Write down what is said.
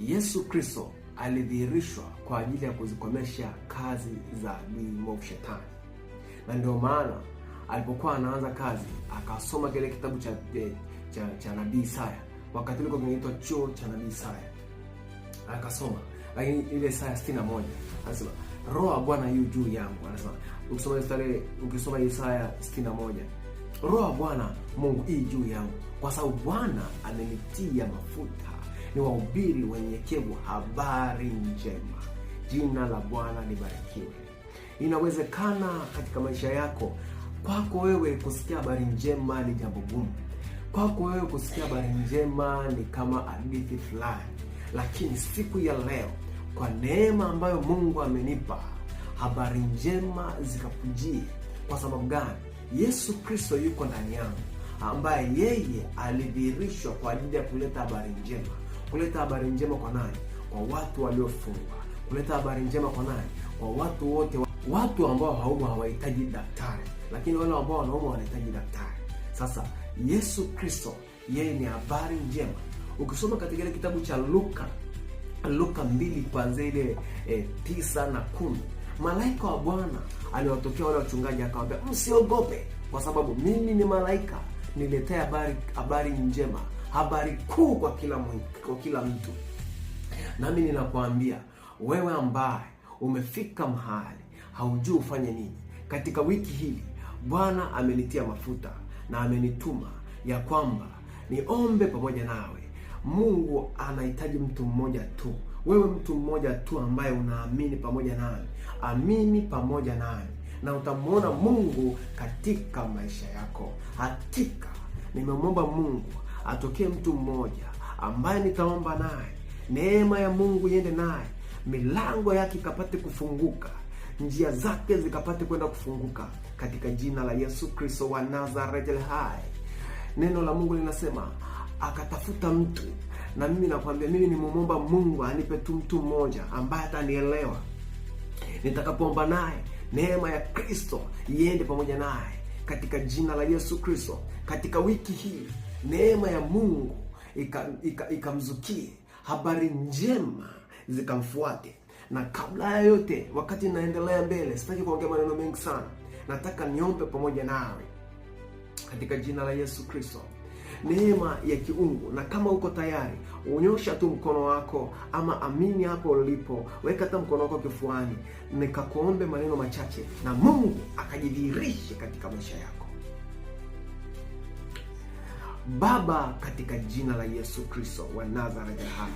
Yesu Kristo alidhihirishwa kwa ajili ya kuzikomesha kazi za miimo shetani, na ndio maana alipokuwa anaanza kazi akasoma kile kitabu cha eh, cha, cha nabii Isaya wakati liko kinaitwa chuo cha nabii Isaya akasoma, lakini ile Isaya 61 anasema roho ya Bwana yu juu yangu. Anasema ukisoma Isaya ukisoma Isaya 61 roho ya Bwana Mungu ii juu yangu, kwa sababu Bwana amenitia mafuta ni wahubiri wenyekevu habari njema. Jina la Bwana libarikiwe. Inawezekana katika maisha yako, kwako wewe kusikia habari njema ni jambo gumu. Kwako wewe kusikia habari njema ni kama adithi fulani, lakini siku ya leo, kwa neema ambayo Mungu amenipa, habari njema zikakujia. Kwa sababu gani? Yesu Kristo yuko ndani yangu, ambaye yeye alidhihirishwa kwa ajili ya kuleta habari njema kuleta habari njema kwa nani? Kwa watu waliofungwa, kuleta habari njema kwa nani? Kwa watu wote, watu ambao haumwa hawahitaji daktari, lakini wale ambao wanauma wanahitaji daktari. Sasa Yesu Kristo yeye ni habari njema. Ukisoma katika ile kitabu cha Luka Luka mbili kwanzia ile e, tisa na kumi malaika wa Bwana aliwatokea wale wachungaji, akawaambia msiogope, kwa sababu mimi ni malaika niletea habari habari njema habari kuu kwa kila kwa kila mtu. Nami ninakuambia wewe ambaye umefika mahali haujui ufanye nini, katika wiki hili Bwana amenitia mafuta na amenituma ya kwamba niombe pamoja nawe. Mungu anahitaji mtu mmoja tu, wewe mtu mmoja tu ambaye unaamini pamoja nami. Amini pamoja nami na utamwona Mungu katika maisha yako. Hakika nimemwomba Mungu atokee mtu mmoja ambaye nitaomba naye, neema ya Mungu iende naye, milango yake ikapate kufunguka, njia zake zikapate kwenda kufunguka katika jina la Yesu Kristo wa nazareth hai. Neno la Mungu linasema akatafuta mtu, na mimi nakwambia, mimi nimemwomba Mungu anipe tu mtu mmoja ambaye atanielewa, nitakapoomba naye neema ya Kristo iende pamoja naye katika jina la Yesu Kristo katika wiki hii neema ya Mungu ikamzukie, habari njema zikamfuate. Na kabla ya yote, wakati naendelea mbele, sitaki kuongea maneno mengi sana, nataka niombe pamoja nawe katika jina la Yesu Kristo neema ya kiungu. Na kama uko tayari, unyosha tu mkono wako, ama amini hapo ulipo, weka hata mkono wako kifuani, nikakuombe maneno machache na Mungu akajidhihirishe katika maisha yako. Baba, katika jina la Yesu Kristo wa Nazareti hai